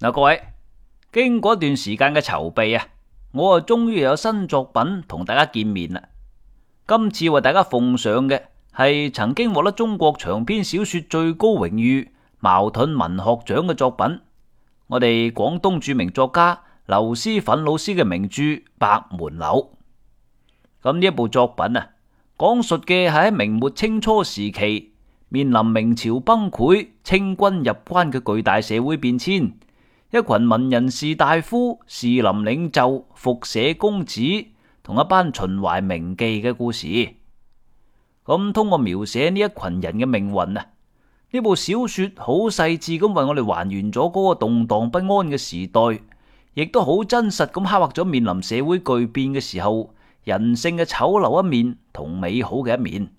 嗱，各位經過一段時間嘅籌備啊，我啊終於有新作品同大家見面啦。今次為大家奉上嘅係曾經獲得中國長篇小說最高榮譽茅盾文學獎嘅作品，我哋廣東著名作家劉斯奮老師嘅名著《白門柳》。咁呢一部作品啊，講述嘅係喺明末清初時期面臨明朝崩潰、清軍入關嘅巨大社會變遷。一群文人士大夫、士林領袖、復社公子,同一班秦淮名妓嘅故事。咁通過描寫呢一群人嘅命運啊，呢部小說好細緻咁為我哋還原咗嗰個動盪不安嘅時代，亦都好真實咁刻畫咗面臨社會巨變嘅時候人性嘅醜陋一面同美好嘅一面。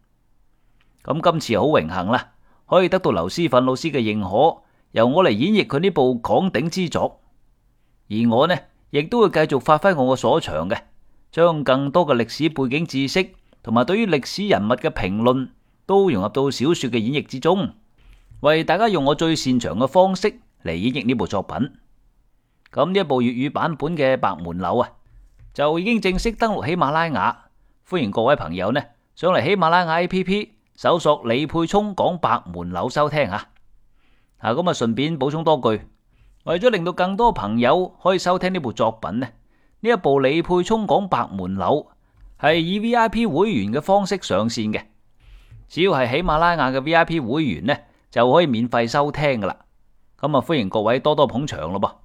咁今次好榮幸啦，可以得到劉斯奮老師嘅認可。由我嚟演繹佢呢部扛鼎之作，而我呢亦都會繼續發揮我嘅所長嘅，將更多嘅歷史背景知識同埋對於歷史人物嘅評論都融入到小說嘅演繹之中，為大家用我最擅長嘅方式嚟演繹呢部作品。咁呢一部粵語版本嘅《白門柳》啊，就已經正式登陸喜馬拉雅，歡迎各位朋友呢上嚟喜馬拉雅 A P P 搜索李沛聰講《白門柳》收聽吓。啊，咁啊順便補充多句，為咗令到更多朋友可以收聽呢部作品呢，呢一部李沛聰講《白門柳》係以 VIP 會員嘅方式上線嘅，只要係喜馬拉雅嘅 VIP 會員呢，就可以免費收聽噶啦，咁啊歡迎各位多多捧場咯噃。